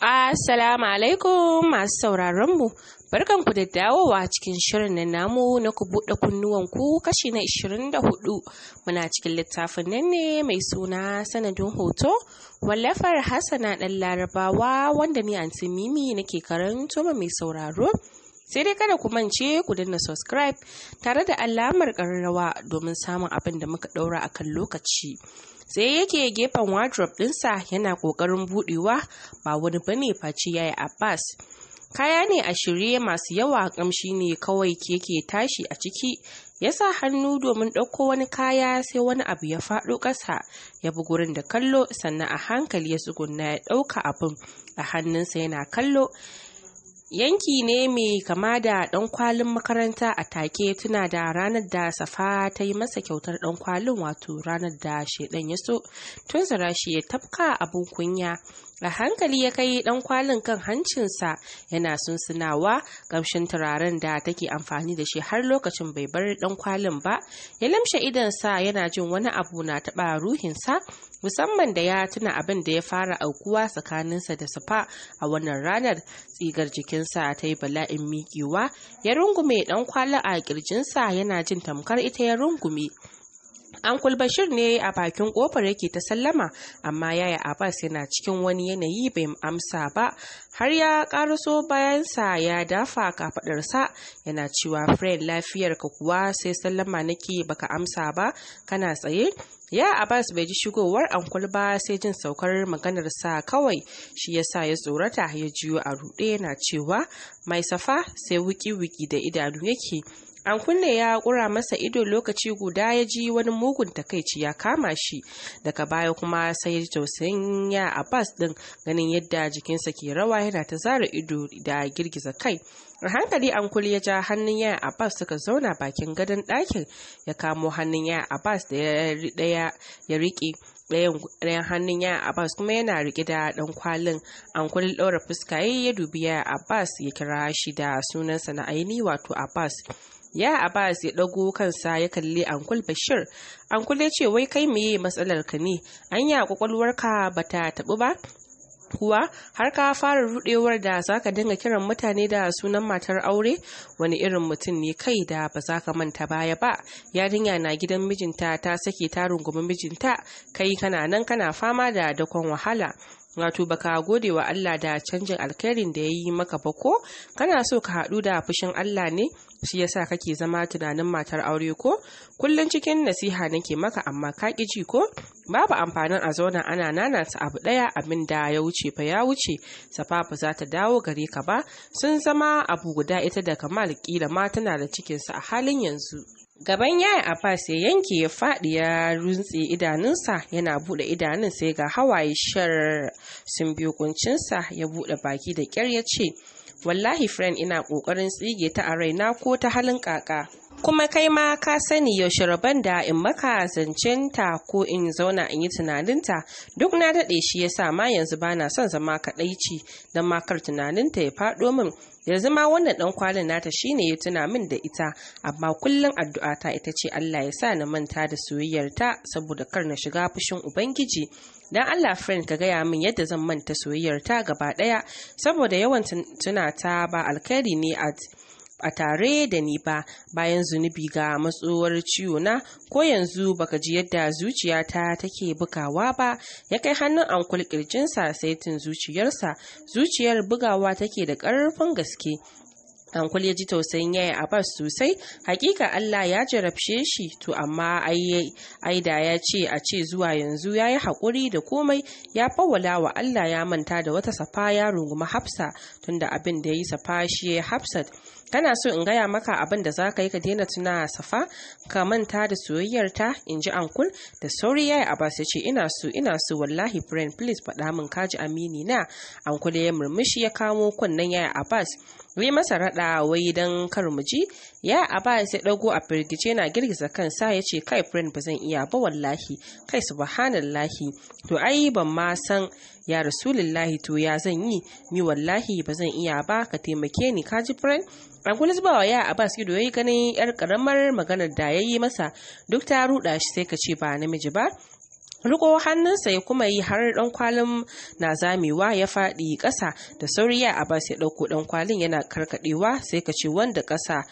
Assalamu alaikum masu sauraron mu. Barkanku da dawowa cikin shirin na namu na ku buɗe kunnuwanku kashi na 24 muna cikin littafin nan ne mai suna sanadin hoto wallafar Hassana ɗan larabawa wanda ni anti mimi nake karanto mai sauraro. sai dai kada ku mance ku danna subscribe tare da alamar ƙararrawa domin samun abin da muka ɗaura akan lokaci. sai yake gefen wardrobe ɗinsa yana ƙoƙarin buɗewa ba wani bane face yayi Abbas. Kaya ne a shirye masu yawa ƙamshi ne kawai ke tashi a ciki ya sa hannu domin ɗauko wani kaya sai wani abu ya faɗo ƙasa ya bi gurin da kallo sannan a hankali ya tsugunna ya ɗauka abun a hannunsa yana kallo Yanki ne mai kama da ɗan kwalin makaranta a take tuna da ranar da Safa ta yi masa kyautar ɗan kwalin wato ranar da shaidan ya so tun zara shi ya tafka abin kunya a hankali ya kai dan kwalin kan hancinsa yana sunsunawa kamshin turaren da take amfani da shi har lokacin bai bar dan kwalin ba ya lamshe sa yana jin wani abu na taba ruhinsa musamman da ya tuna abin da ya fara aukuwa tsakaninsa da sufa a wannan ranar tsigar jikinsa ta yi bala'in miƙewa ya rungume dan kwalin a kirjinsa yana jin tamkar ita ya rungume Ankul Bashir ne a bakin kofar yake ta sallama amma yaya Abbas yana cikin wani yanayi bai amsa ba har ya karaso bayansa ya dafa kafadarsa yana cewa Fred ka kuwa sai sallama nake baka amsa ba kana tsaye ya abbas bai ji shigowar ankul ba sai jin saukar maganar sa kawai shi yasa ya tsorata ya jiyo a rude yana cewa mai safa sai wiki-wiki da idanu yake an kunne ya kura masa ido lokaci guda ya ji wani mugun takaici ya kama shi daga baya kuma sai ya tausayin ya abbas din ganin yadda jikinsa ke rawa yana ta zara ido da girgiza kai a hankali ankul ya ja hannun ya abbas suka zauna bakin gadon ɗakin ya kamo hannun ya abbas da ya riƙe ɗayan hannun ya abbas kuma yana riƙe da ɗan kwalin an kulle ɗaura fuska ya dubi ya abbas ya kira shi da sunansa na aini wato abbas ya abbas ya ɗago kansa ya kalli ankul bashir ankul ya ce wai kai meye matsalar ka ne An anya kwakwalwarka ta taɓu ba kuwa har ka fara rudewar da za ka dinga kiran mutane da sunan matar aure wani irin mutum ne kai da ba za ka manta baya ba yarinya na gidan mijinta ta sake ta rungumi mijinta kai kana nan kana fama da dakon wahala wato baka gode wa Allah da canjin alkhairin da ya yi maka ba ko kana so ka haɗu da fushin Allah ne shi yasa kake zama tunanin matar aure ko kullum cikin nasiha nake maka amma ka ƙi ji ko babu amfanin a zauna ana ta abu ɗaya abin da ya wuce fa ya wuce safafu za ta dawo gare ka ba sun zama abu guda ita da kamar kila ma tana da cikinsa a halin yanzu gaban a abbas ya yanke ya faɗi ya runtse idanunsa yana buɗe idanun sai ga hawaye shar sun biyo kuncinsa ya buɗe baki da ƙyar ya ce wallahi friend ina ƙoƙarin tsige ta a raina ko ta halin ƙaƙa kuma kai ma ka sani yaushe rabon da in maka zancen ta ko in zauna in yi tunaninta duk na daɗe shi ya sa ma yanzu bana son zama kaɗaici don makar tunaninta ya faɗo min yanzu ma wannan dan kwalin nata shine ya tuna min da ita amma kullum addu'ata ita ce Allah ya sa na manta da soyayyarta saboda kar na shiga fushin ubangiji dan Allah friend ka gaya min yadda zan manta soyayyarta gaba daya saboda yawan tuna ta ba alkhairi ne at a tare da ni ba bayan zunubi ga matsowar ciwo na ko yanzu baka ji yadda zuciyata take bugawa ba ya kai hannun ankul kirjinsa saitin zuciyarsa zuciyar bugawa take da ƙarfin gaske Ankul ya ji tausayin yaya bas sosai, hakika Allah ya jarabce shi, to amma ai da ya ce a ce zuwa yanzu ya yi haƙuri da komai ya fawala wa Allah ya manta da wata safa ya runguma Hafsa tunda abin da ya yi safa shi ya Hafsat. kana so in gaya maka abin da za ka yi ka daina tuna safa ka manta da soyayyarta in ji ankul da sauri yi a ya ce ina so ina so wallahi friend please faɗa min kaji amini na ankul ya murmushi ya kamo kunnen a abbas wai masa raɗa wai don kar mu ji ya abbas ya ɗago a firgice na girgiza kansa ya ce kai friend ba zan iya ba wallahi kai subhanallahi to ai ban ma san ya rasulullahi to ya zan yi ni wallahi ba zan iya ba ka taimake ni kaji friend Rangulis ba wa ya Abbas ido yi ganin yar karamar maganar da ya yi masa duk ta ruda shi sai ka ce ba namiji ba riko hannunsa ya kuma yi har dan kwalin na zamewa ya faɗi ƙasa da sauri ya abbas ya ɗauko dan kwalin yana karkaɗewa sai ka ce wanda ƙasa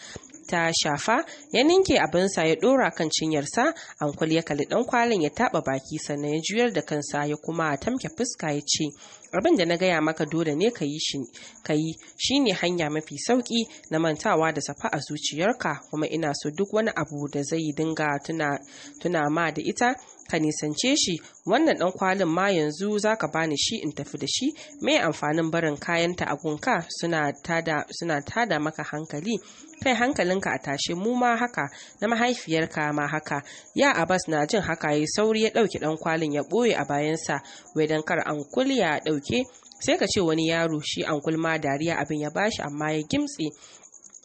ta shafa ya ninke abinsa ya dora kan cinyarsa ankul ya kalli dan kwalin ya taba baki sannan ya juyar da kansa ya kuma tamke fuska ya ce abin da na gaya maka dole ne ka yi shi shine hanya mafi sauki na mantawa da safa a zuciyarka kuma ina so duk wani abu da zai dinga tuna ma da ita ka nisance shi wannan dan kwalin ma yanzu za ka bani shi in tafi da shi me amfanin barin kayanta a gunka suna tada suna tada maka hankali kai hankalinka a tashe mu ma haka na mahaifiyarka ma haka ya abbas na jin haka ya sauri ya ɗauke ɗan kwalin ya ɓoye a bayansa wai don kar an kulya ɗauke sai ka ce wani yaro shi an kulma dariya abin ya bashi amma ya gimtse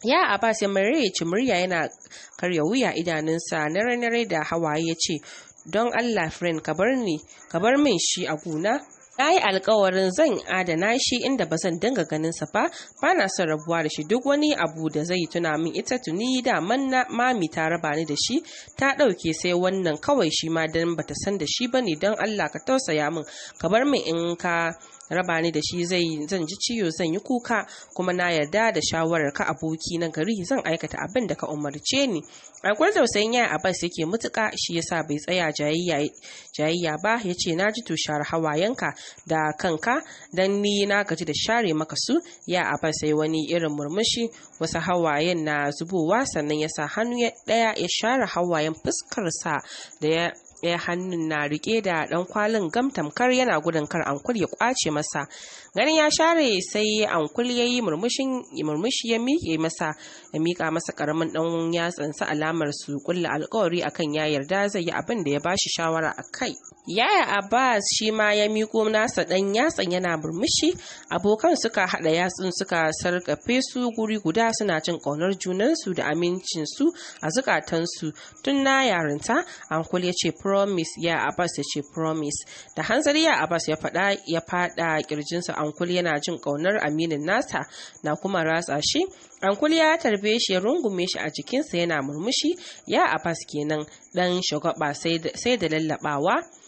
ya abbas ya mare ya ci murya yana karya wuya idanunsa nare-nare da hawaye ya ce don Allah friend ka bar ni ka bar min shi a gona na yi alkawarin zan adana shi inda ba zan dinga ganin sa ba ba na son rabuwa da shi duk wani abu da zai tuna min ita tuni da manna mami ta raba ni da shi ta ɗauke sai wannan kawai shi ma dan ta san da shi bane don Allah ka tausaya min ka bar min in ka raba ni da shi zai zan ji ciwo zan yi kuka kuma na yarda da shawarar ka aboki na gari zan aikata abin da ka umarce ni Raguwar tausayin yaya Abbas yake mutuka shi yasa bai tsaya jayayya ba ya ce na ji tushar hawayenka da kanka don ni na gaji da share maka su ya Abbas sai wani irin murmushi wasu hawayen na zubowa sannan ya sa hannu ɗaya ya share hawayen fuskarsa da ya ɗaya hannun na riƙe da ɗan kwalin gam tamkar yana gudun kar ankul ya ƙwace masa ganin ya share sai ankul ya yi murmushi ya miƙe masa ya miƙa masa ƙaramin ɗan yatsansa alamar su kulla alƙawari akan ya yarda zai yi abin da ya bashi shawara a kai Yaya Abbas shi ma ya miƙo nasa ɗan yatsan yana murmushi, abokan suka haɗa yatsun suka sarƙafe su guri guda suna cin ƙaunar junansu da amincinsu a zukatansu tun na yarinta, Ankul ya ce promise ya abbas ya ce promise da hanzari ya abbas ya ya fada kirjinsa ankul yana jin kaunar aminin nasa na kuma ratsa shi ankul ya tarbe shi ya rungume shi a jikinsa yana murmushi ya a abbas kenan dan shagwaba sai da lallaɓawa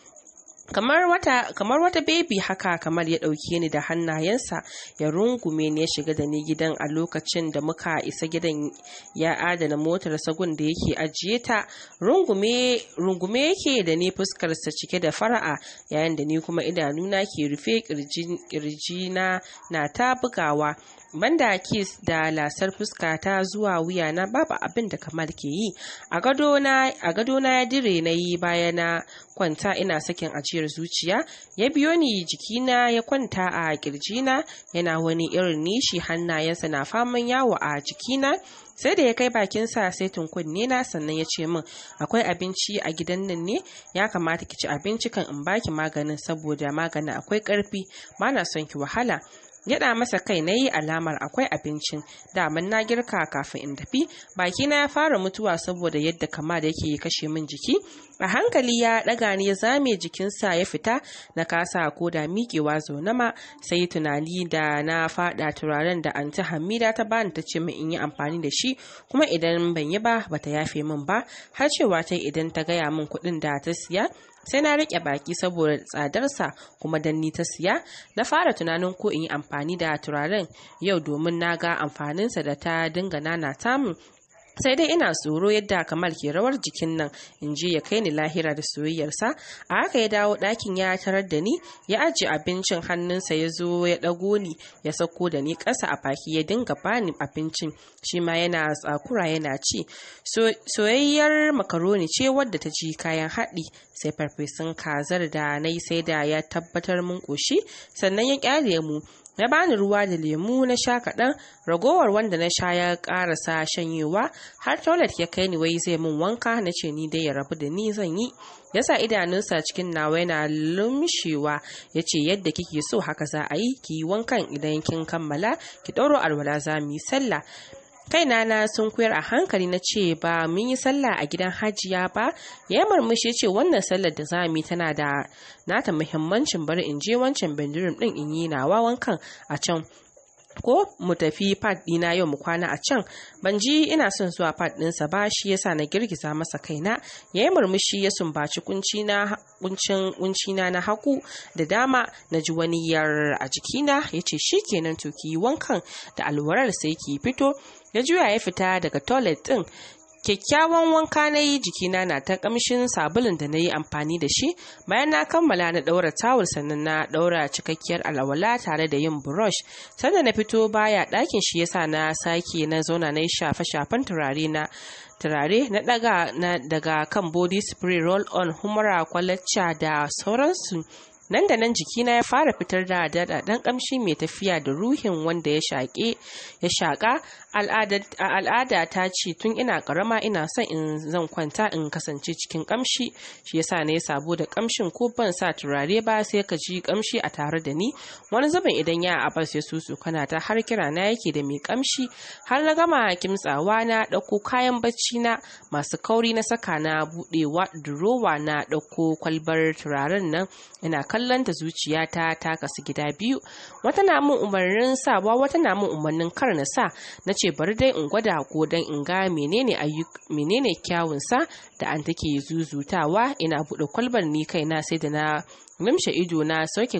kamar wata kamar wata bebi haka kamar ya ɗauke ni da hannayensa ya rungume ni ya shiga da ni gidan a lokacin da muka isa gidan ya adana motar sagun da yake ajiye ta rungume rungume yake da ni fuskarsa cike da fara'a yayin da ni kuma idanuna ke rufe kirji na na ta bugawa banda kiss da lasar fuska ta zuwa wuya na babu abin da kamar ke yi a gado na ya dire na yi baya na kwanta ina sakin ajiyar zuciya ya biyo ni jikina ya kwanta a kirjina yana wani irin nishi hannayensa na faman yawo a jikina sai da ya kai bakinsa sai tunkunne na sannan ya ce min akwai abinci a gidan nan ne ya kamata ki ci abinci kan in baki maganin saboda maganin akwai karfi bana son ki wahala Gyaɗa masa kai na yi alamar akwai abincin, daman na girka kafin in tafi, Baki na ya fara mutuwa saboda yadda kama da yake kashe min jiki. A hankali ya ɗaga ni ya zame jikinsa ya fita, na kasa ko da miƙewa zaune sai tunani da na faɗa turaren da anti Hamida ta bani ta ce min in yi amfani da shi, kuma idan ban yi ba bata yafe min ba, har cewa ta idan ta gaya min kuɗin da ta siya sai na rike baki saboda tsadarsa kuma dan ni ta siya na fara tunanin ko in yi amfani da turaren yau domin na ga amfaninsa da ta dinga nana tamun sai dai ina tsoro yadda kamal ke rawar jikin nan in ji ya kai ni lahira da soyayyarsa a haka ya dawo ɗakin ya tarar da ni ya ajiye abincin hannunsa ya zo ya ɗago ni ya sako da ni ƙasa a baki ya dinga bani abincin shi ma yana tsakura yana ci soyayyar makaroni ce wadda ta ji kayan haɗi sai farfesun kazar da na yi sai da ya tabbatar mun ƙoshi sannan ya ƙyale mu Na bani ruwa da lemu na sha kaɗan ragowar wanda na sha ya ƙarasa shanyewa har toilet ya kai ni wai zai min wanka na ce ni dai ya rabu da ni zan yi ya sa idanunsa cikin nawa yana lumshewa ya ce yadda kike so haka za a yi ki yi wankan idan kin kammala ki ɗauro alwala za mu yi sallah kaina na sun koyar a hankali na ce ba mun yi sallah a gidan hajiya ba ya murmushi ce wannan sallar da za mu tana da nata muhimmancin bari in je wancan bindirin din in yi nawa wankan a can ko mu tafi pad dina yau mu kwana a can ban ji ina son zuwa pad dinsa ba shi yasa na girgiza masa kaina ya yi murmushi ya sumbaci kunci na haku da dama na ji wani yar a jikina ya ce shi kenan to ki wankan da alwarar sai ki fito Na juya ya fita daga toilet ɗin kyakkyawan wanka na yi jikina na ta kamshin sabulun da na yi amfani da shi bayan na kammala na ɗaura tawul sannan na ɗaura cikakkiyar alawala tare da yin brush sannan na fito baya ɗakin shi yasa na sake na zauna na yi shafe-shafen turare na turare na daga kan body spray roll on humura kwalacca da sauransu nan da nan jikina ya fara fitar da daɗaɗɗen kamshi mai tafiya da ruhin wanda ya shaƙe ya shaƙa al'ada ta ce tun ina karama ina son in zan kwanta in kasance cikin kamshi shi yasa na ya sabo da kamshin ko ban sa turare ba sai ka ji kamshi a tare da ni wani zaman idan ya abas ya susu kana ta har kira na yake da mai kamshi har na gama kimtsawa na ɗauko kayan bacci na masu kauri na saka na buɗewa durowa na ɗauko kwalbar turaren nan ina kallon ta zuciyata ta kasu gida biyu wata na min umarnin sawa wata na min umarnin kar na sa na ce bari dai in gwada ko dan in ga menene menene kyawun sa da an take zuzutawa ina buɗe kwalbar ni kaina sai da na numshe ido na sauke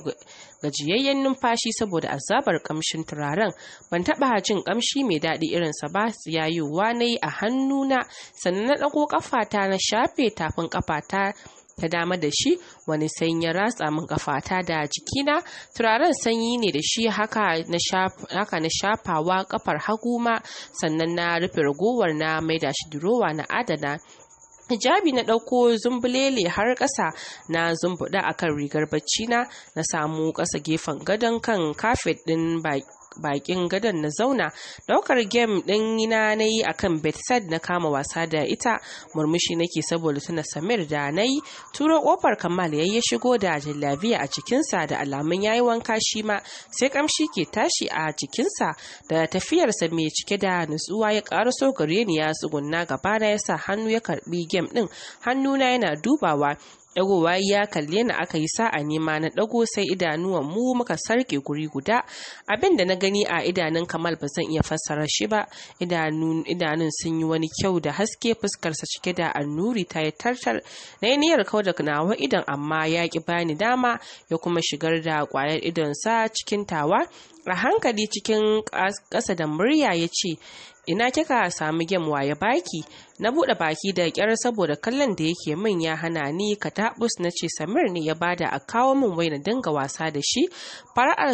gajiyayyen numfashi saboda azabar kamshin turaren ban taba jin kamshi mai daɗi irinsa ba yayuwa na yi a hannuna sannan na ɗago ƙafata na shafe tafin ƙafata ta dama da shi wani sanyi ya ratsa min kafata da jikina turaren sanyi ne da shi haka na shafawa kafar hagu ma sannan na rufe ragowar na maida shi durowa na adana hijabi na ɗauko zumbulele har ƙasa na zumbuɗa akan rigar bacci na na samu ƙasa gefen gadon kan kafet ɗin baki bakin gadon na zauna daukar game din na na yi akan bedside na kama wasa da ita murmushi nake saboda tuna samir da na yi turo kofar kamal ya ya shigo da jallabiya a cikinsa da alamun yayi wanka shi ma sai kamshi ke tashi a cikinsa da tafiyarsa mai cike da nutsuwa ya karaso gare ni ya tsugunna gaba na ya sa hannu ya karbi game din hannuna yana dubawa dagowa ya kalle ni aka yi sa'a nema na dago sai idanuwan mu muka sarke guri guda abin da na gani a idanun kamal ba zan iya fassara shi ba idanun sun yi wani kyau da haske fuskarsa cike da annuri ta yi tartar na yi niyyar da nawa idan amma ya ki bani dama ya kuma shigar da kwayar idonsa cikin tawa a hankali cikin ƙasa da murya ya ce ina kika samu gemwa ya baki na buɗe baki da kyar saboda kallon da yake min ya hana ni ka katabus na ce samir ne ya bada a kawo min wai na dinga wasa da shi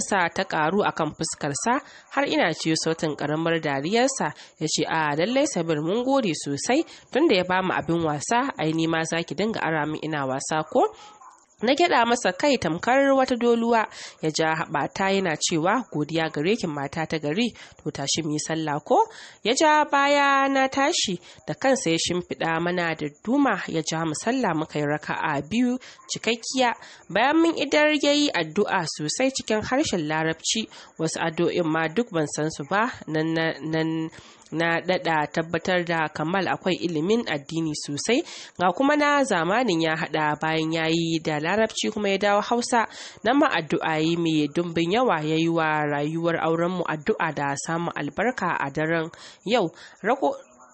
sa ta ƙaru akan fuskarsa har ina ce sautin ƙaramar dariyarsa ya ce a lallai sabir mun gode sosai tunda ya bamu abin wasa ai ni ma zaki dinga ara min ina wasa ko na gyada masa kai tamkar wata doluwa ya ja haɓata yana cewa godiya gare mata ta gari to tashi mu yi sallah ko ya ja baya na tashi da kansa ya shimfiɗa mana da duma ya ja mu sallah muka yi raka'a biyu cikakkiya bayan mun idar ya yi addu'a sosai cikin harshen larabci wasu addu'o'in ma duk ban san su ba nan na dada tabbatar da kamal akwai ilimin addini sosai ga kuma na zamanin ya hada bayan ya yi da larabci kuma ya dawo hausa na ma addu'a mai dumbin yawa ya yi wa rayuwar aurenmu addu'a da samun albarka a daren yau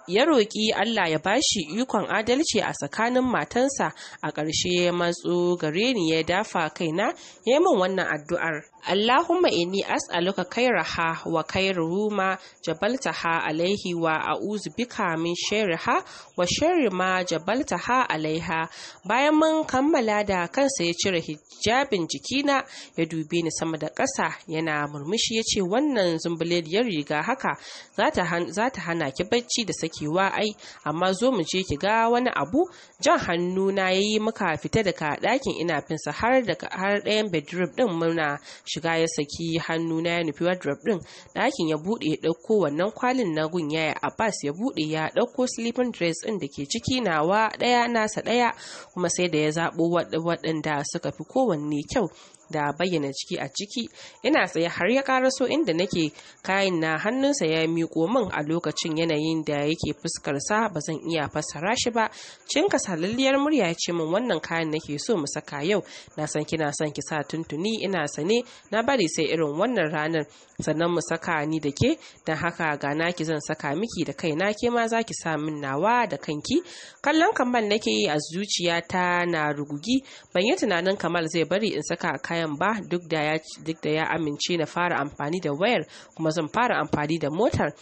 ya roƙi Allah ya bashi ikon adalci a tsakanin matansa a ƙarshe matso gare ni ya dafa kaina ya yi min wannan addu'ar Allahumma inni as'aluka kairaha wa kairuhu ma jabaltaha alaihi wa a'udhu bika min sharriha wa sharri ma jabaltaha alaiha bayan mun kammala da kansa ya cire hijabin jikina ya dube ni sama da ƙasa yana murmushi ya ce wannan zumbuleliyar riga haka za ta hana ki bacci da sakewa ai amma zo mu je ki ga wani abu jan hannu na yayi muka fita daga ɗakin ina har daga har ɗayan bedroom ɗin muna shiga ya saki hannu na ya nufi wardrobe din ɗakin ya buɗe ya ɗauko wannan kwalin na gun yaya abbas ya buɗe ya ɗauko sleeping dress ɗin da ke ciki nawa ɗaya nasa ɗaya kuma sai da ya zaɓo waɗanda suka fi kowanne kyau da bayyana ciki a ciki ina tsaye har ya karaso inda nake kayan na hannunsa ya miko min a lokacin yanayin da yake fuskarsa ba zan iya fassara shi ba cin salalliyar murya ya ce min wannan kayan nake so mu saka yau na san kina son ki sa tuntuni ina sane na bari sai irin wannan ranar sannan mu saka ni da ke don haka ga naki zan saka miki da kaina ke ma za ki sa min nawa da kanki kallon kamal nake yi a zuciyata na rugugi ban yi tunanin kamal zai bari in saka kayan bayan ba duk da ya amince na fara amfani da wayar kuma zan fara amfani da motar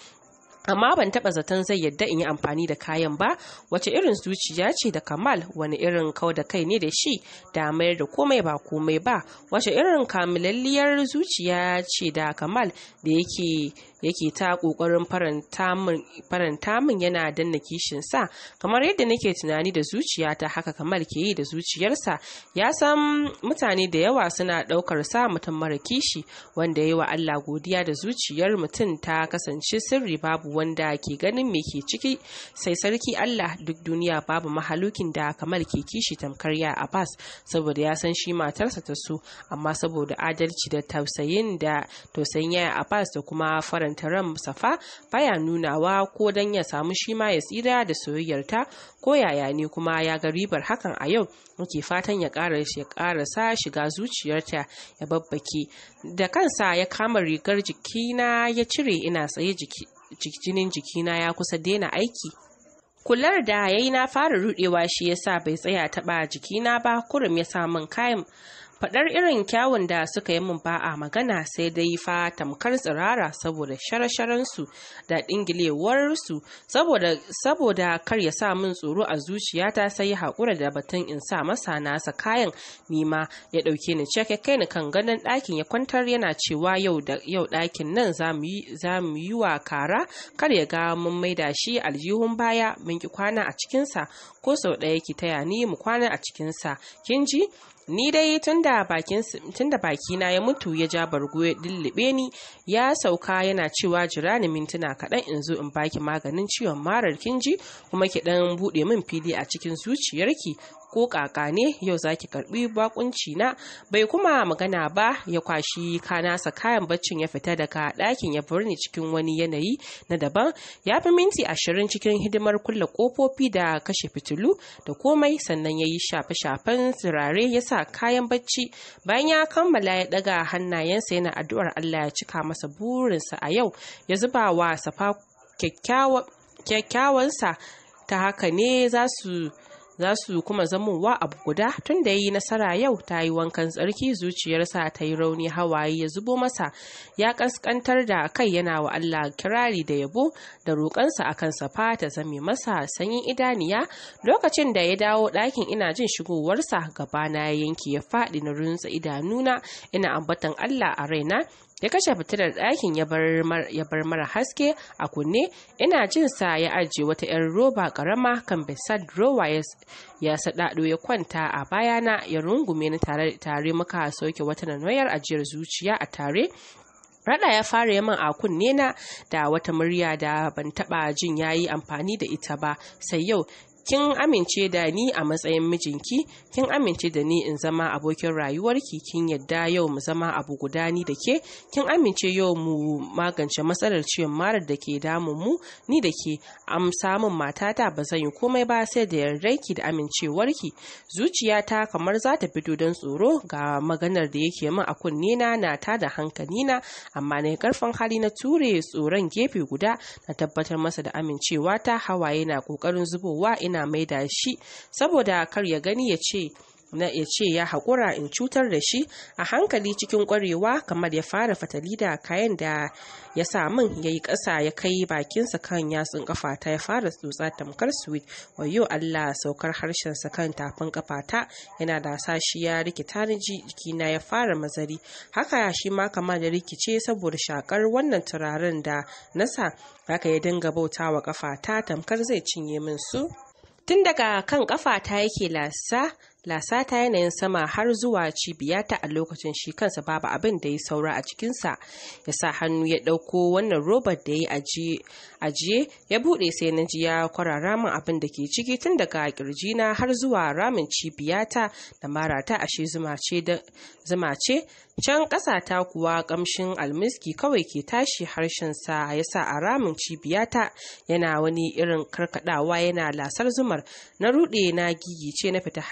amma ban taba zaton zai yadda in yi amfani da kayan ba wace irin zuciya ce da kamal wani irin kau da kai ne da shi da mayar da komai ba komai ba wace irin kamilalliyar zuciya ce da kamal da yake yake ta kokarin faranta min yana danna kishin sa kamar yadda nake tunani da zuciya ta haka kamar ke yi da zuciyarsa ya san mutane da yawa suna ɗaukar sa mutum mara kishi wanda yi wa Allah godiya da zuciyar mutum ta kasance sirri babu wanda ke ganin me ke ciki sai sarki Allah duk duniya babu mahalukin da kamar ke kishi tamkar ya Abbas saboda ya san shi matarsa ta so amma saboda adalci da tausayin da tausayin ya Abbas da kuma fara karanta ran safa baya nunawa ko don ya samu shi ma ya tsira da soyayyarta ko yaya ne kuma ya ga ribar hakan a yau muke fatan ya ƙara sa shiga zuciyarta ya babbake da kansa ya kama rigar jikina ya cire ina tsaye jinin jikina ya kusa daina aiki kular da yayi na fara rudewa shi yasa bai tsaya taba jikina ba kurum ya sa min kayan faɗar irin kyawun da suka yi mun ba'a magana sai dai fa tamkar tsirara saboda shara da ɗingilewarsu saboda, kar ya sa min tsoro a zuciyata sai ya haƙura da batun in sa masa nasa kayan nima ya ɗauke ni cike kai ni kan ganin ɗakin ya kwantar yana cewa yau ɗakin nan za mu yi wa kara kar ya ga mun maida shi aljihun baya mun ki kwana a cikinsa ko sau ɗaya ki taya ni mu kwana a cikinsa kin ji ni dai tun tunda bakina ya mutu ya ja bargo ya dillibe ni ya sauka yana cewa jira ni mintuna kaɗan in zo in baki maganin ciwon marar kinji kuma ki dan buɗe min fili a cikin zuciyarki ko kaka ne yau zaki karbi bakunci na bai kuma magana ba ya kwashi kanasa kayan baccin ya fita daga ɗakin ya birni cikin wani yanayi na daban ya fi minti ashirin cikin hidimar kulle kofofi da kashe fitilu da komai sannan ya yi shafe-shafen turare ya sa kayan bacci bayan ya kammala ya ɗaga hannayensa yana addu'ar Allah ya cika masa burinsa a yau ya zuba wa safa kyakkyawansa ta haka ne za su za su kuma zamowa abu guda tun da ya yi nasara yau ta yi wankan tsarki zuciyarsa ta yi rauni hawaye ya zubo masa ya kaskantar da kai yana wa Allah kirari da yabo da roƙansa a kansa fa ta zame masa sanyin idaniya lokacin da ya dawo ɗakin ina jin shigowarsa gabana ya yanke ya faɗi na runtsa idanuna ina ambatan Allah a raina ya kashe fitilar ɗakin ya bar mara haske a kunne ina jin sa ya ajiye wata 'yar roba karama kan besad rowa ya saɗaɗo ya kwanta a bayana ya rungume na tare muka sauke wata nanoyar ajiyar zuciya a tare Rada ya fara yaman a kunne na da wata murya da ban taba jin yayi amfani da ita ba sai yau kin amince da ni a matsayin mijinki kin amince da ni in zama abokin rayuwarki kin yadda yau mu zama abu guda ni da ke kin amince yau mu magance matsalar ciwon marar da ke damun mu ni da ke am samun matata ba zan yi komai ba sai da ki da amincewarki zuciyata kamar za ta fito don tsoro ga maganar da yake min a kunne na na ta da hankali na amma na karfin hali na ture tsoron gefe guda na tabbatar masa da amincewa ta hawaye na kokarin zubowa ina yana da shi saboda kar ya gani ya ce na ya ce ya haƙura in cutar da shi a hankali cikin ƙwarewa kamar ya fara fatali da kayan da ya sa min ya yi ƙasa ya kai bakinsa kan yatsun ƙafata ya fara tsotsa tamkar wa wayo allah saukar harshensa kan tafin ƙafata yana da sashi ya rikita na jikina ya fara mazari haka shi ma kama da rikice saboda shakar wannan turaren da nasa haka ya dinga bautawa ƙafata tamkar zai cinye min su Tun daga kan ƙafata yake lasa, lasa ta yanayin sama har zuwa cibiyata a lokacin shi kansa babu abin da ya saura a cikinsa ya sa hannu ya ɗauko wannan robar da ya ajiye ya buɗe sai na ji ya kwarara min abin da ke ciki tun daga na har zuwa ramin cibiyata da marata ashe zuma ce Can ƙasa ta kuwa ƙamshin almiski kawai ke tashi harshensa ya sa a ramin cibiyata yana wani irin karkadawa yana lasar zumar na ruɗe na ce na fita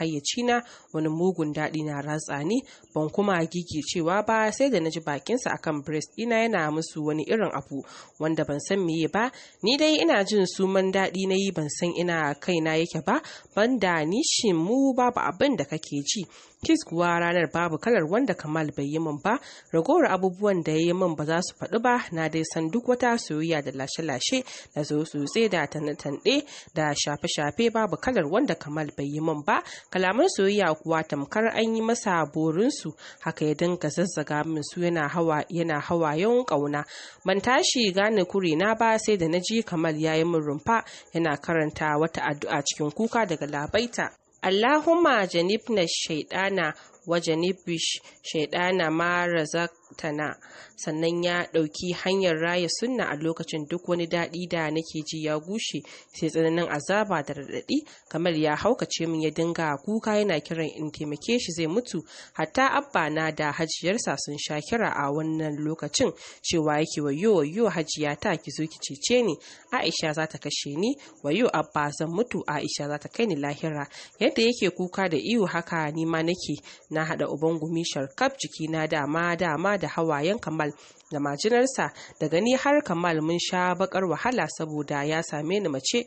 na, wani mugun daɗi na ratsa ni ban kuma cewa ba sai da na ji bakinsa akan breast Ina yana musu wani irin abu wanda ban san meye ba ni dai ina jin suman daɗi na yi ban san ina kaina yake ba banda nishin mu babu abin da kake ji kis kuwa ranar babu kalar wanda kamal bai yi min ba ragowar abubuwan da ya yi min ba za su faɗi ba na dai san duk wata soyayya da lashe-lashe da sosai da tanɗe da shafe-shafe babu kalar wanda kamal bai yi min ba kalaman soyayya kuwa tamkar an yi masa borinsu haka ya dinga zazzaga min su yana hawa yana yawan ƙauna ban tashi gane kuri na ba sai da na ji kamal ya yi min rumfa yana karanta wata addu'a cikin kuka daga labaita Allahumma janibna shaidana wa janibish shaidana ma razak tana sannan ya ɗauki hanyar raya sunna a lokacin duk wani daɗi da nake ji ya gushe sai tsananin azaba da raɗaɗi kamar ya haukace min ya dinga kuka yana kiran in taimake shi zai mutu hatta abba na da hajiyarsa sun sha kira a wannan lokacin cewa yake wayo wayo hajiya ta ki zo ki cece ni aisha za ta kashe ni wayo abba zan mutu aisha za ta kai ni lahira yadda yake kuka da iyo haka ni ma nake na haɗa uban gumi sharkaf jikina dama dama da da hawayen kamal da majinarsa daga ni har kamal mun sha bakar wahala saboda ya same ni mace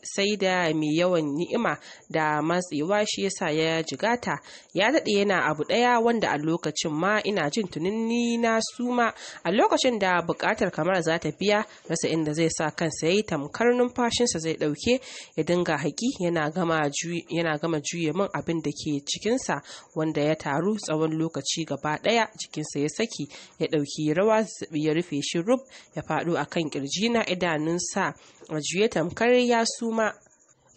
sai da mai yawan ni'ima da matsewa shi yasa ya jigata ya daɗe yana abu ɗaya wanda a lokacin ma ina jin tunani na suma a lokacin da buƙatar kamar za ta biya rasa inda zai sa kansa yayi tamkar numfashinsa zai ɗauke ya dinga haƙi yana gama juye min abin da ke cikinsa wanda ya taru tsawon lokaci gaba ɗaya jikinsa ya saki ya ya ɗauki rawa ya rufe shi rub ya faɗo a kan ƙirji na idanunsa a juya tamkar ya suma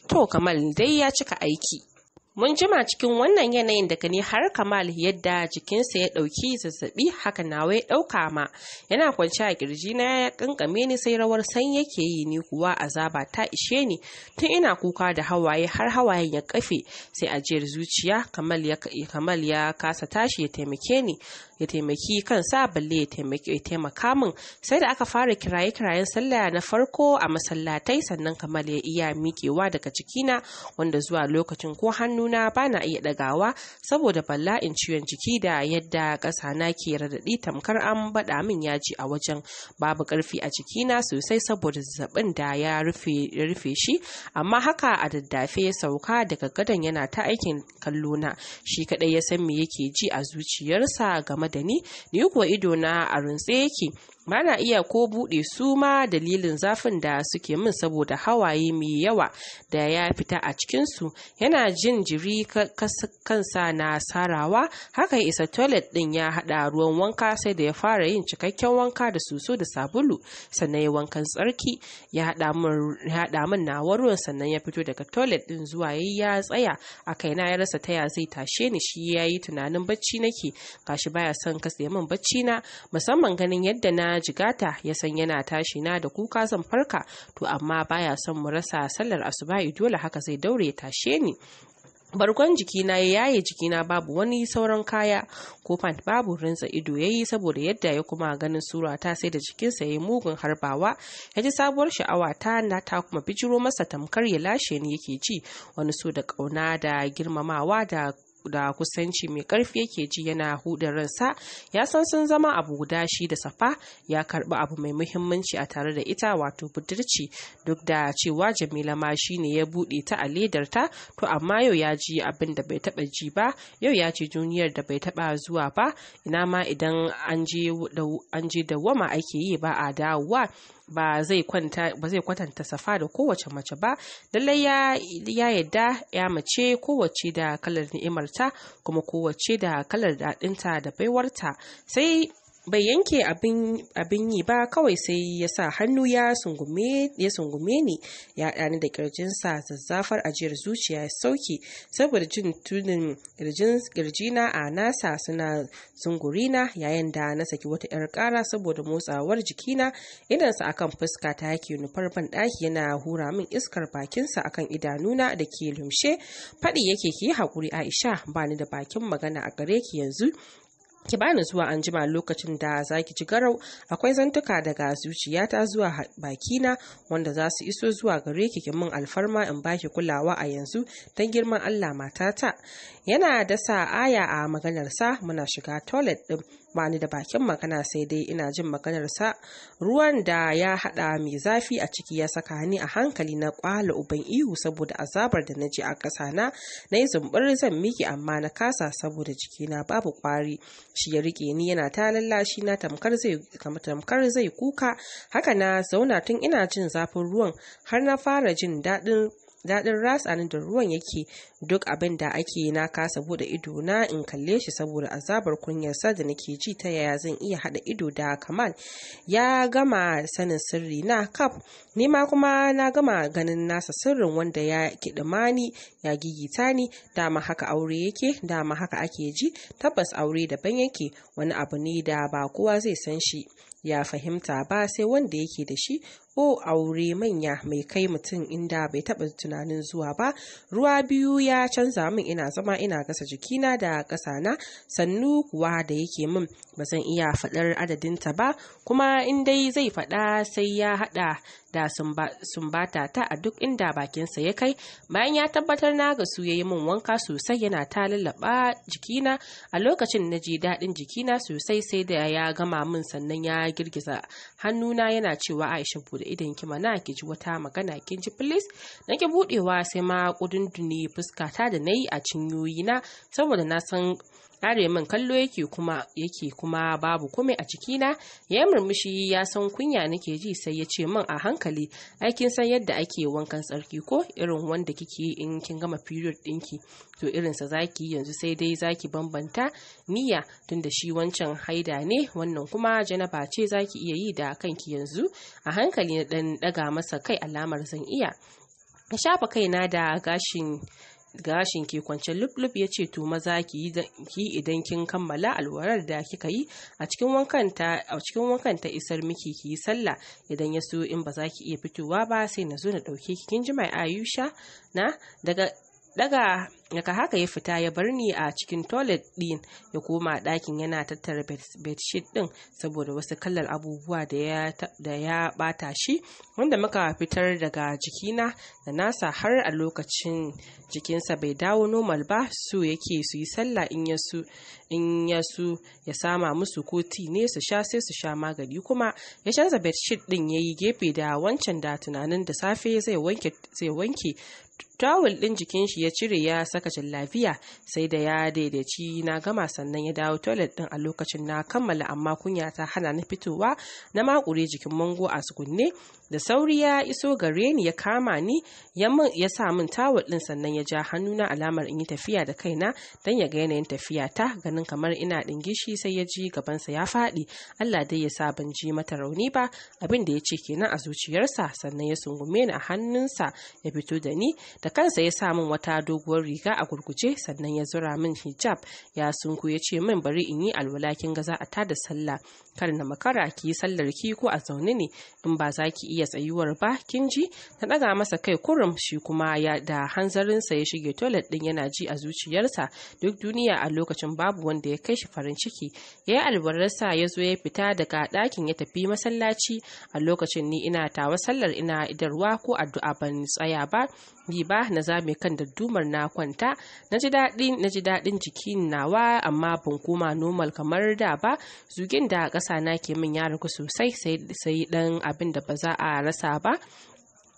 to kamal dai ya cika aiki mun jima cikin wannan yanayin daga ni har kamal yadda jikinsa ya ɗauki zazzaɓi haka na ya ɗauka ma yana kwance a ƙirji na ya ƙanƙame ni sai rawar san yake yi ni kuwa azaba ta ishe ni tun ina kuka da hawaye har hawayen ya kafe sai ajiyar zuciya kamal ya kasa tashi ya taimake ni ya taimaki kan sa balle ya ya taimaka min sai da aka fara kiraye-kirayen sallah na farko a masallatai sannan kamar ya iya miƙewa daga cikina wanda zuwa lokacin ko hannuna ba na iya ɗagawa saboda bala'in ciwon jiki da yadda na ke raɗaɗi tamkar an baɗa min yaji a wajen babu ƙarfi a jikina sosai saboda zazzabin da ya rufe shi amma haka a daddafe ya sauka daga gadon yana ta aikin kallona shi kaɗai ya san me yake ji a zuciyarsa game da ni ni kuwa ido na a runtse yake Bana iya ko buɗe su ma dalilin zafin da suke min saboda hawaye mai yawa da ya fita a cikinsu yana jin jiri kansa na sarawa haka isa toilet ɗin ya haɗa ruwan wanka sai da ya fara yin cikakken wanka da soso da sabulu sannan ya wankan tsarki ya haɗa min nawa ruwan sannan ya fito daga toilet ɗin zuwa ya tsaya a kaina ya rasa taya zai tashe ni shi ya yi tunanin bacci nake gashi baya son kasa min bacci na musamman ganin yadda na jigata ya san yana tashi na da kuka zan farka to amma baya son mu rasa sallar asuba'i dole haka zai daure ya tashe ni bargon jikina ya yaye jikina babu wani sauran kaya ko pant babu rinsa ido ya yi saboda yadda ya kuma ganin sura ta sai da jikinsa ya yi mugun harbawa ya ji sabuwar sha'awa ta na ta kuma bijiro masa tamkar ya lashe ni yake ji wani so da kauna da girmamawa da da kusanci mai karfi yake ji yana huda ransa ya san sun zama abu guda shi da safa ya karbi abu mai muhimmanci a tare da ita wato budurci duk da cewa jamila ma shi ne ya buɗe ta a ledarta to amma yau ya ji abin da bai taba ji ba yau ya ji duniyar da bai taba zuwa ba ina ma idan an je da wama ake yi ba a dawowa ba zai kwatanta safa da kowace mace ba lallai ya yadda ya mace kowace da kalar ni'imarta kuma kowace da kalar daɗinta da baiwarta sai bai yanke abin yi ba kawai sai ya sa hannu ya sungume ni ya dani da ƙirjinsa zazzafar ajiyar zuciya ya sauke saboda jin tunin ƙirjina a nasa suna zungurina yayin da na saki wata 'yar ƙara saboda motsawar jikina idansa akan fuska ta yake nufar ban daki yana hura min iskar bakinsa akan idanuna da ke lumshe faɗi yake ki hakuri aisha ba ni da bakin magana a gare ki yanzu ki bani zuwa anjima lokacin da za ki ji garau akwai zantuka daga zuciyata zuwa bakina wanda za su iso zuwa gare ki ki min alfarma in baki kulawa a yanzu don girman Allah matata yana sa aya a maganarsa muna shiga toilet din ba ni da bakin magana sai dai ina jin maganarsa ruwan da ya haɗa mai zafi a ciki ya saka ni a hankali na kwala uban ihu saboda azabar da na ji a ƙasa na na yi zumbir zan miki amma na kasa saboda jikina babu ƙwari shi ya rike ni yana ta lallashi na tamkar zai kuka haka na zauna tun ina jin zafin ruwan har na fara jin daɗin daɗin ratsa da ruwan yake duk abin da ake na kasa bude ido na in kalle shi saboda azabar kunyarsa da nake ji ta yaya zan iya haɗa ido da kamal ya gama sanin sirri na kaf ni ma kuma na gama ganin nasa sirrin wanda ya kiɗima ni ya gigita ni dama haka aure yake dama haka ake ji tabbas aure daban yake wani abu ne da ba kowa zai san shi ya fahimta ba sai wanda yake da shi ko aure manya mai kai mutum inda bai taɓa tunanin zuwa ba ruwa biyu ya canza min ina zama ina gasa jikina da kasana sannu kuwa da yake min ba zan iya faɗar ta ba kuma in dai zai faɗa sai ya haɗa da sumbata ta a duk inda bakinsa ya kai bayan ya tabbatar na ga su yayi min wanka sosai yana ta lallaba jikina a lokacin na ji daɗin jikina sosai sai da ya gama min sannan ya girgiza hannuna yana cewa aisha bude idan ki mana ki ji wata magana kin ji please na ki budewa sai ma kudin dune fuskata da nayi a cinyoyi na saboda na san are min kallo yake kuma yake kuma babu komai a cikina ya murmushi ya san kunya nake ji sai ya ce min a hankali aikin san yadda ake wankan tsarki ko irin wanda kike in kin gama period ɗinki to irinsa zaki yanzu sai dai zaki bambanta niyya tunda shi wancan haida ne wannan kuma janaba ce zaki iya yi da kanki yanzu a hankali na ɗan ɗaga masa kai alamar zan iya ka shafa kaina da gashin gashin ke kwance lup-lup ya ce to maza ki yi idan kin kammala alwarar da kika yi a cikin wankan ta isar miki ki yi sallah idan ya so in ba za ki iya fitowa ba sai na zo na dauke ki kin ji mai ayusha na daga daga yaka haka ya fita ya bar ni a cikin toilet din ya koma ɗakin yana tattara bedsheet din saboda wasu kallar abubuwa da ya bata shi wanda muka fitar daga jikina da nasa har a lokacin jikinsa bai dawo normal ba su yake su yi sallah in yasu su ya sama musu koti ne su sha sai su sha magani kuma ya canza bedsheet din ya yi gefe da wancan da tunanin da safe zai wanke tawul din jikin shi ya cire ya saka lafiya sai da ya daidaici na gama sannan ya dawo toilet din a lokacin na kammala amma kunya ta hana ni fitowa na makure jikin mango a sukunne da sauri ya iso gare ni ya kama ni ya sa min tawul din sannan ya ja hannuna alamar in yi tafiya da kaina dan ya ga yanayin tafiya ta ganin kamar ina dingishi sai ya ji gabansa ya faɗi Allah dai ya sa ban ji mata rauni ba abin da ya ce kenan a zuciyarsa sannan ya sungume ni a hannunsa ya fito da ni da kansa ya sa min wata doguwar riga a gurguje sannan ya zura min hijab ya sunku ya ce min bari in yi alwala kin ga za a tada sallah kar na makara ki yi sallar ki ko a zaune ne in ba za ki iya tsayuwar ba kin ji ta ɗaga masa kai kurum shi kuma ya da hanzarinsa ya shige toilet ɗin yana ji a zuciyarsa duk duniya a lokacin babu wanda ya kai shi farin ciki ya yi albararsa ya zo ya fita daga ɗakin ya tafi masallaci a lokacin ni ina tawa sallar ina idarwa ko addu'a ban tsaya ba bi ba na zame kan daddumar na kwanta na ji daɗin na ji daɗin jikin nawa amma ban koma nomal kamar da ba zugin da ƙasa olsa na ke min ya ragu sosai sai dan abin da ba za a rasa ba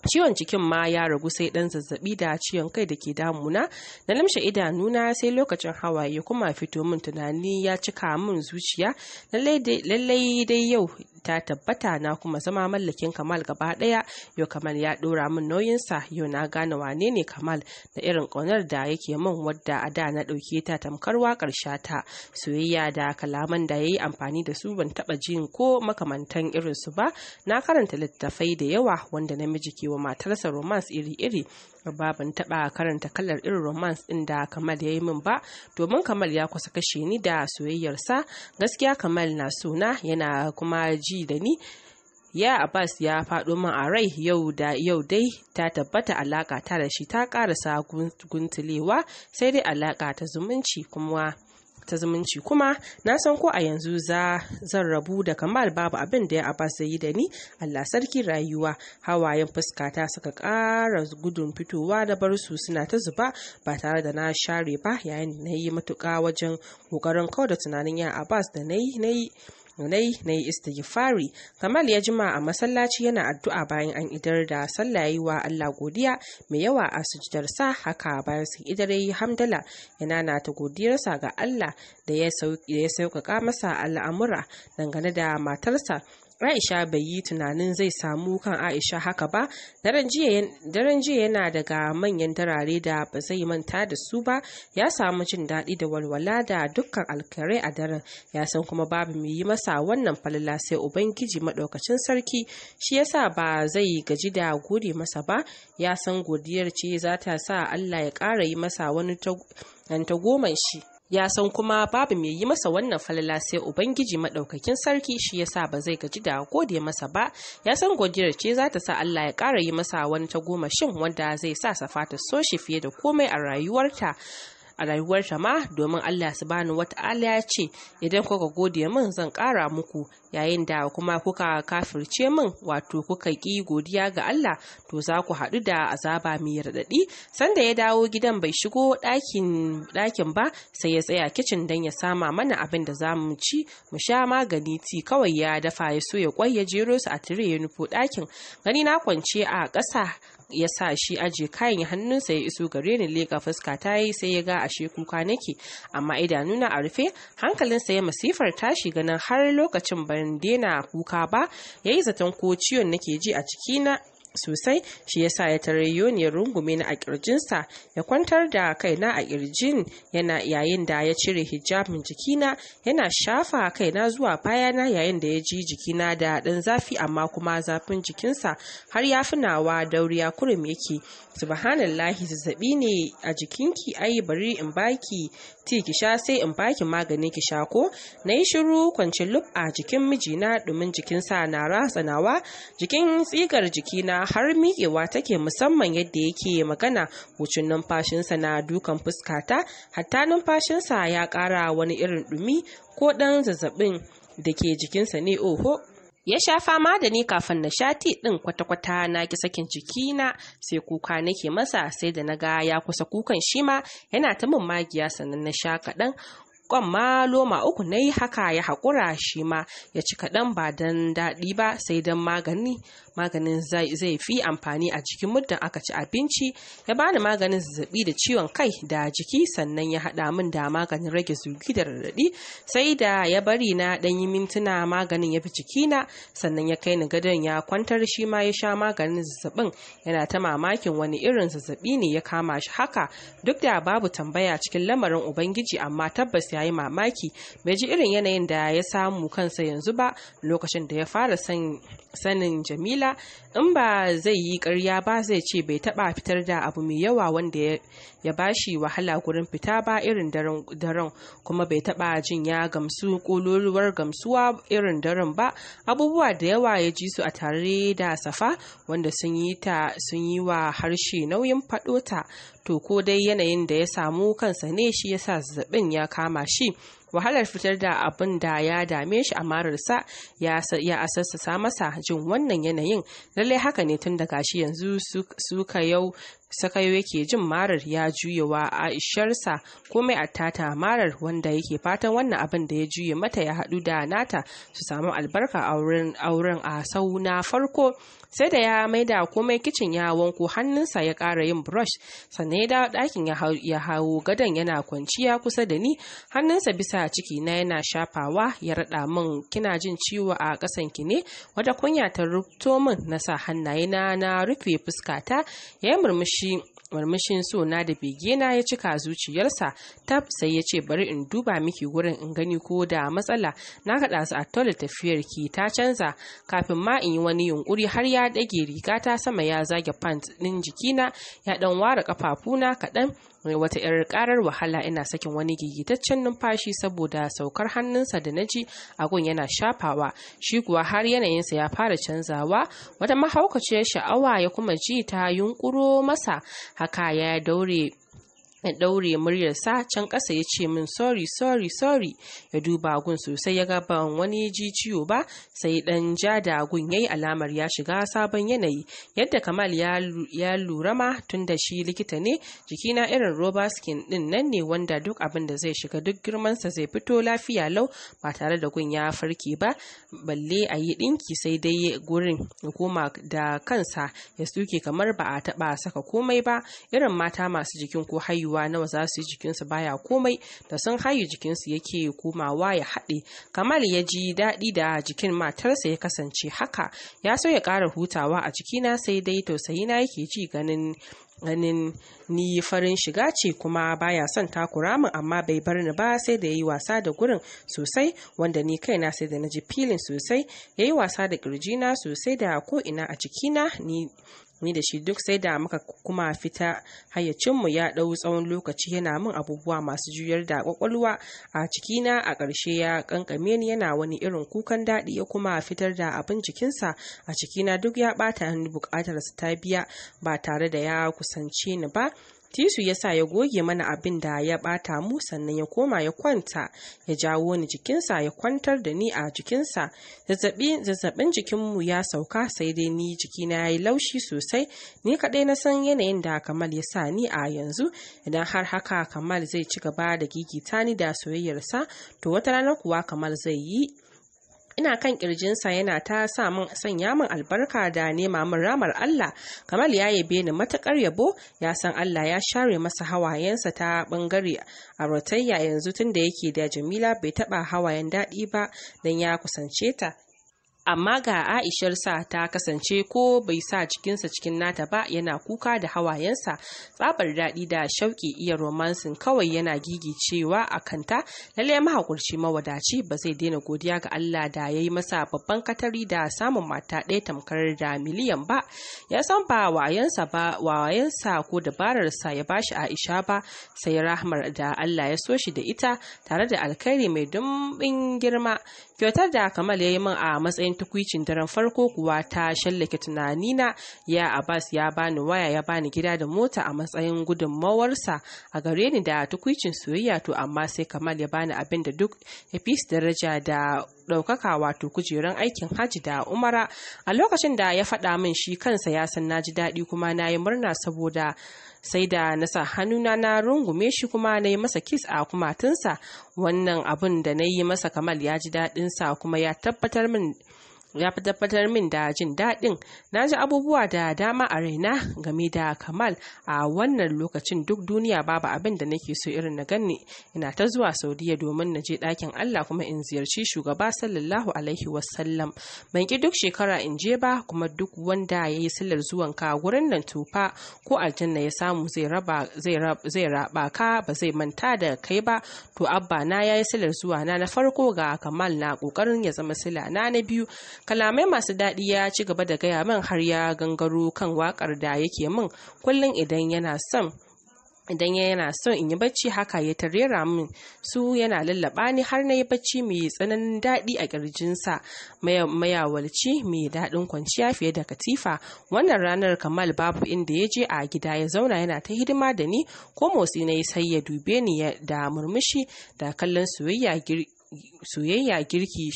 ciwon cikin ma ya ragu sai dan zazzabi da ciwon kai da ke damuna na lamshe idanuna sai lokacin hawaye kuma fito min tunani ya cika min zuciya lallai dai yau ta tabbata na kuma zama mallakin kamal gaba ɗaya yau kamal ya ɗora min nauyinsa yau na gane wane ne kamal da irin ƙaunar da yake min wadda a da na ɗauke ta tamkar waƙar shata soyayya da kalaman da ya yi amfani da su ban taɓa jin ko makamantan irinsu ba na karanta littattafai da yawa wanda namiji ke wa matarsa romance iri-iri ba ban taba karanta kalar irin romance din da kamal ya yi min ba domin kamal ya kusa kashe ni da soyayyarsa gaskiya kamal na suna yana kuma ji da ni ya abbas ya faɗo min a rai yau da yau dai ta tabbata alaƙa ta da shi ta ƙarasa guntulewa sai dai alaƙa ta zumunci kuma ta zumunci kuma na san ko a yanzu za zan rabu da kamal babu abin da ya abbas yi da ni allah sarki rayuwa hawayen fuska ta suka ƙara gudun fitowa da barsu suna ta zuba ba tare da na share ba yayin da na yi matuƙa wajen ƙoƙarin kau da tunanin ya abbas da na yi nai na yi istighfari kamal ya jima a masallaci yana addu'a bayan an idar da sallah yi wa allah godiya mai yawa a sujidarsa haka bayan sun idar yi hamdala yana na ta godiyarsa ga allah da ya sauƙaƙa masa al'amura dangane da matarsa Aisha bai yi tunanin zai samu kan Aisha haka ba, daren jiya yana daga manyan darare da ba zai manta da su ba, ya samu jin daɗi da walwala da dukkan alkare a daren, ya san kuma babu mai yi masa wannan falala sai Ubangiji maɗaukacin sarki, shi ya sa ba zai gaji da gode masa ba, ya san godiyar ce za ta sa Allah ya ƙara yi masa wani ta goma shi. ya san kuma babu mai yi masa wannan falala sai ubangiji maɗaukakin sarki shi ya sa ba zai gaji da gode masa ba ya san godiyar ce za ta sa Allah ya ƙara yi masa wani tagomashin wanda zai sa safata so shi fiye da komai a rayuwarta a rayuwarta ma domin Allah subhanahu wata'ala ya ce idan kuka gode min zan kara muku yayin da kuma kuka kafirce min wato kuka ƙi godiya ga Allah to za ku haɗu da azaba mai raɗaɗi sanda ya dawo gidan bai shigo ɗakin ba sai ya tsaya kicin don ya sama mana abin da za mu ci mu sha magani ti kawai ya dafa ya so ya kwai ya jero su a tire ya nufo ɗakin gani na kwance a ƙasa ya sa shi aje kayan hannunsa ya iso gare ni leƙa fuska ta yi sai ya ga ashe kuka nake amma idanuna a rufe hankalinsa ya masifar tashi ganin har lokacin ban daina kuka ba ya yi zaton ko ciwon nake ji a cikina sosai shi ya sa ya tare yoniyar rungume na a kirjinsa ya kwantar da kaina a kirjin yana yayin da ya cire hijabin jikina yana shafa kaina zuwa bayana yayin da ya ji jikina da ɗan zafi amma kuma zafin jikinsa har ya funawa dauriya kurum yake subhanallahi zazzabi ne a jikinki ai bari in baki ti ki sha sai in baki magani ki sha ko na yi shiru kwanci lub a jikin mijina domin jikinsa na ratsanawa jikin tsigar jikina har miƙewa take musamman yadda yake magana wucin numfashinsa na dukan fuskata hatta numfashinsa ya ƙara wani irin ɗumi ko ɗan zazzabin da ke jikinsa ne oho ya sha fama da ni kafin na sha ɗin kwata-kwata na ki sakin ciki na sai kuka nake masa sai da na ga ya kusa kukan shi ma yana ta min magiya sannan na sha kaɗan kwan ma loma uku na yi haka ya haƙura shi ma ya ci kaɗan ba don daɗi ba sai don magani maganin zai fi amfani a jikin muddin aka ci abinci ya bani maganin zazzabi da ciwon kai da jiki sannan ya haɗa min da maganin rage zugi da raɗaɗi sai da ya bari na ɗan yi mintuna maganin ya fi jikina sannan ya kai ni gadon ya kwantar shi ma ya sha maganin zazzabin yana ta mamakin wani irin zazzabi ne ya kama shi haka duk da babu tambaya cikin lamarin ubangiji amma tabbas ya yi mamaki bai ji irin yanayin da ya samu kansa yanzu ba lokacin da ya fara sanin jamila kila in ba zai yi karya ba zai ce bai taɓa fitar da abu mai yawa wanda ya bashi wahala gurin fita ba irin daren kuma bai taɓa jin ya gamsu kololuwar gamsuwa irin daren ba abubuwa da yawa ya ji su a tare da safa wanda sun yi ta sun yi wa harshe nauyin faɗo to ko dai yanayin da ya samu kansa ne shi ya sa zazzabin ya kama shi wahalar fitar da abin da ya dame shi a mararsa ya asassa masa jin wannan yanayin lallai haka ne tun daga shi yanzu suka yau sakayo yake jin marar ya juyewa a isharsa komai a tata marar wanda yake fatan wannan abin da ya juye mata ya haɗu da nata su samu albarka a wurin auren a sau na farko sai da ya maida komai kicin ya wanko hannunsa ya kara yin brush sannan ya dawo ɗakin ya hawo gadon yana kwanciya kusa da ni hannunsa bisa ciki na yana shafawa ya raɗa min kina jin ciwo a ƙasan ki ne wata kunya ta rubuto min na sa hannaye na na rufe fuskata ya yi murmushi murmushin na da begena ya cika zuciyarsa tab sai ya ce bari in duba miki wurin in gani ko da matsala na kaɗa su a tole tafiyar ki ta canza kafin ma in yi wani yunƙuri har ya ɗage rigata sama ya zage pant ɗin jikina ya ɗan ware kafafuna kaɗan wata 'yar karar wahala ina sakin wani gigitaccen numfashi saboda saukar hannunsa da naji agun yana shafawa shi kuwa har yanayinsa ya fara canzawa wata mahaukaciyar sha'awa ya kuma ji ta yunkuro masa haka ya daure ya ɗaure muryarsa can ƙasa ya ce min sorry sorry sorry ya duba gun sosai ya gaba wani ji ciwo ba sai ɗan ja da gun ya yi alamar ya shiga sabon yanayi yadda kamal ya lura ma tun da shi likita ne jiki na irin roba skin ɗin nan ne wanda duk abin da zai shiga duk girmansa zai fito lafiya lau ba tare da gun ya farke ba balle a yi ɗinki sai dai gurin ya koma da kansa ya suke kamar ba a taɓa saka komai ba irin mata masu jikin ko hayu haihuwa nawa za su yi jikinsu baya komai da sun haihu jikinsu yake komawa ya haɗe kamal ya ji daɗi da jikin matarsa ya kasance haka ya so ya ƙara hutawa a jikina sai dai tausayina yake ji ganin ganin ni farin shiga ce kuma baya son takura min amma bai bar ni ba sai da yayi wasa da gurin sosai wanda ni kaina sai da na ji filin sosai yayi wasa da kirjina sosai da ko ina a jikina ni ni da shi duk sai da muka kuma fita hayyacinmu ya ɗau tsawon lokaci yana min abubuwa masu juyar da kwakwalwa a cikina a ƙarshe ya ƙanƙame ni yana wani irin kukan daɗi ya kuma fitar da abin jikinsa a cikina duk ya ɓata hannu buƙatar ta biya ba tare da ya kusance ni ba tisu ya sa ya goge mana abin da ya bata mu sannan ya koma ya kwanta ya jawo ni jikinsa ya kwantar da ni a jikinsa zazzabin jikinmu ya sauka sai dai ni jikina ya yi laushi sosai ni kaɗai na san yanayin da kamal ya sa ni a yanzu idan har haka kamal zai ci gaba da gigita ni da soyayyarsa to wata ranar kuwa kamal zai yi ina kan kirjinsa yana ta sa min sanya min albarka da nema min ramar Allah Kamal ya yabe ni matakar yabo ya san Allah ya share masa hawayensa ta bangare a rotayya yanzu tun da yake da Jamila bai taba hawayen daɗi ba dan ya kusance ta amma ga sa ta kasance ko bai sa cikinsa cikin nata ba yana kuka da hawayensa tsabar daɗi da shauƙi iya romansin kawai yana gigicewa a kanta lallai mahakurci mawadaci ba zai daina godiya ga Allah da ya yi masa babban katari da samun mata ɗaya tamkar da miliyan ba ya san ba wayensa ba wayensa ko dabararsa ya bashi Aisha ba sai rahmar da Allah ya so shi da ita tare da alkhairi mai dumbin girma kyautar da kamal ya yi min a matsayin tukwicin daren farko kuwa ta shallake tunanina ya abbas ya bani waya ya bani gida da mota a matsayin gudunmawarsa a gare ni da tukwicin soyayya to amma sai kamal ya bani abin da duk ya fi daraja da ɗaukaka wato kujerun aikin hajji da umara a lokacin da ya faɗa min shi kansa ya san na ji daɗi kuma na yi murna saboda sai da na sa hannuna na rungume shi kuma na yi masa kis a kumatunsa wannan abun da na yi masa kamal ya ji daɗinsa kuma ya tabbatar min ya tabbatar min da jin daɗin na ji abubuwa da dama a raina game da kamal a wannan lokacin duk duniya babu abin da nake so irin na ganni ina ta zuwa saudiya domin na je ɗakin allah kuma in ziyarci shugaba sallallahu alaihi wasallam ban ki duk shekara in je ba kuma duk wanda ya yi sillar zuwan ka gurin nan tufa ko aljanna ya samu zai raba ka ba zai manta da kai ba to abba na ya yi sillar zuwa na na farko ga kamal na ƙoƙarin ya zama sila na na biyu kalamai masu daɗi ya ci gaba da gaya min har ya gangaro kan waƙar da yake min kullum idan yana son idan yana so in yi bacci haka ya tarera min su yana lallaba ni har na yi bacci mai tsananin daɗi a ƙirjinsa mayawalci mai daɗin kwanciya fiye da katifa wannan ranar kamal babu inda ya je a gida ya zauna yana ta hidima da ni ko motsi na yi sai ya dube ni da murmushi da kallon soyayya girki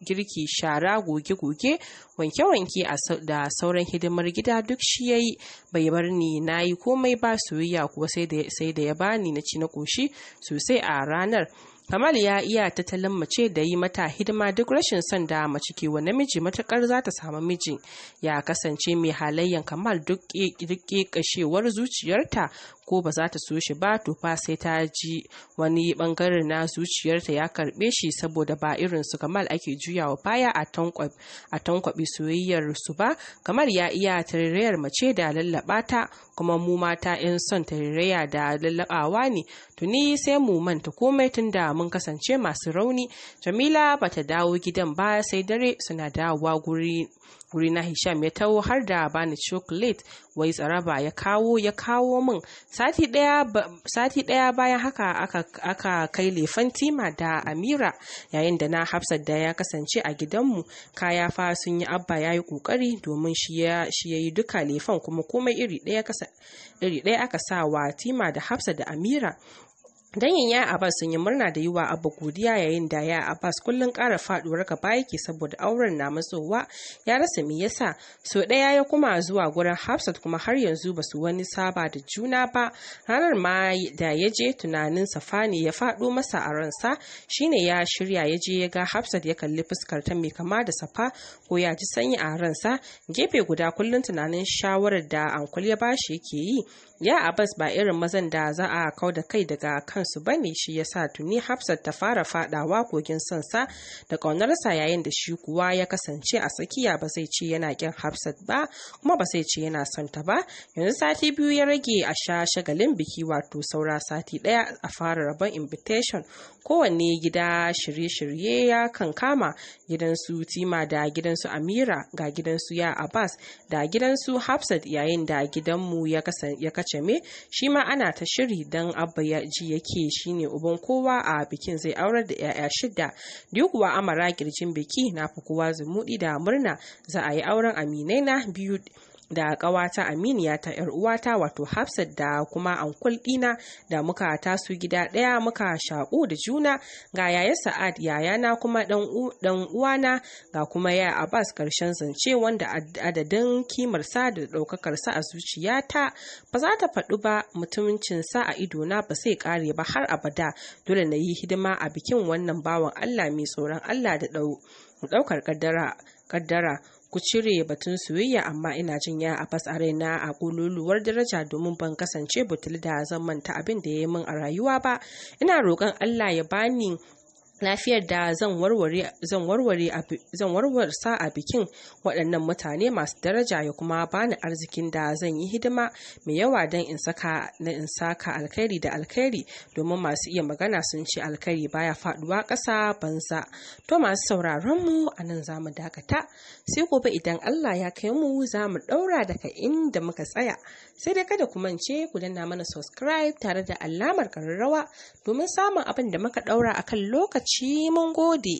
girki shara goge-goge wanke-wanke da sauran hidimar gida duk shi ya yi bai bar ni na yi komai ba soyayya kuwa sai da ya bani na ci na ƙoshi sosai a ranar Kamal ya iya tattalin mace da yi mata hidima duk rashin son da mace ke wa namiji matakar za ta samu miji. Ya kasance mai halayyan Kamal duk ƙeƙashewar zuciyarta ko ba za ta so shi ba to fa sai ta ji wani bangare na zuciyarta ya karbe shi saboda ba irin su kamal ake juyawa baya a tankwabi soyayyar su ba kamar ya iya tarayyar mace da lallaba ta kuma mu mata yan son tarayya da lallabawa ne tuni sai mu manta komai tunda mun kasance masu rauni jamila bata dawo gidan ba sai dare suna dawowa guri wuri na hisham ya taho har da bani chocolate wai tsaraba ya kawo ya kawo min sati daya bayan haka aka, kai lefan tima da amira yayin da na hafsa da ya kasance a gidanmu kaya fa sun yi abba ya yi kokari domin shi ya yi duka lefan kuma komai iri daya aka sa wa tima da hafsa da amira Danyen ya Abbas sun yi murna da yiwa abu godiya yayin da ya Abbas kullum ƙara faɗuwar baya ke saboda auren na matsowa ya rasa me yasa so ɗaya ya kuma zuwa gurin Hafsat kuma har yanzu ba su wani saba da juna ba ranar ma da ya je tunanin safa ne ya faɗo masa a ransa shine ya shirya ya je ya ga Hafsat ya kalli fuskar ta mai kama da Safa ko ya ji sanyi a ransa gefe guda kullum tunanin shawarar da Ankul ya bashi yake yi ya abbas ba irin mazan da za a kau da kai daga kansu ba ne shi ya sa tuni hafsat ta fara fadawa kogin sansa da ƙaunarsa yayin da shi kuwa ya kasance a tsakiya ba zai ce yana ƙin hafsat ba kuma ba zai ce yana son ta ba yanzu sati biyu ya rage a sha shagalin biki wato saura sati ɗaya a fara rabon invitation kowanne gida shirye-shirye ya kan kama gidansu tima da gidansu amira ga gidansu ya abbas da gidansu hafsat yayin da gidanmu ya kacame shi ma ana ta shiri don abba ya ji yake shine uban kowa a bikin zai aurar da 'ya'ya shida duk kuwa amara kirjin biki na fi kowa zumuɗi da murna za a yi auren Aminaina na biyu da ƙawata aminiya ta yar uwata wato hafsat da kuma ankul ɗina da muka tasu gida ɗaya muka shaƙu da juna ga yaya sa'ad yayana kuma ɗan uwana ga kuma ya abbas ƙarshen zance wanda adadin kimarsa da ɗaukakarsa a zuciyata ba za ta faɗu ba mutumincinsa a idona ba sai ƙare ba har abada dole na yi hidima a bikin wannan bawan allah mai tsoron allah da ɗaukar ƙaddara ku cire batun soyayya amma ina jin ya a fasare na a kululuwar daraja domin ban kasance butul da zan manta abin da ya yi min a rayuwa ba ina roƙon Allah ya bani lafiyar da zan warware sa a bikin waɗannan mutane masu daraja ya kuma bani arzikin da zan yi hidima mai yawa don in saka na in saka alkhairi da alkhairi domin masu iya magana sun ce alkhairi baya faduwa ƙasa banza to masu sauraron mu a nan za mu dakata sai gobe idan Allah ya kai mu za mu daura daga inda muka tsaya sai dai kada ku mance ku danna mana subscribe tare da alamar ƙararrawa domin samun abin da muka ɗaura akan lokaci ci mun gode.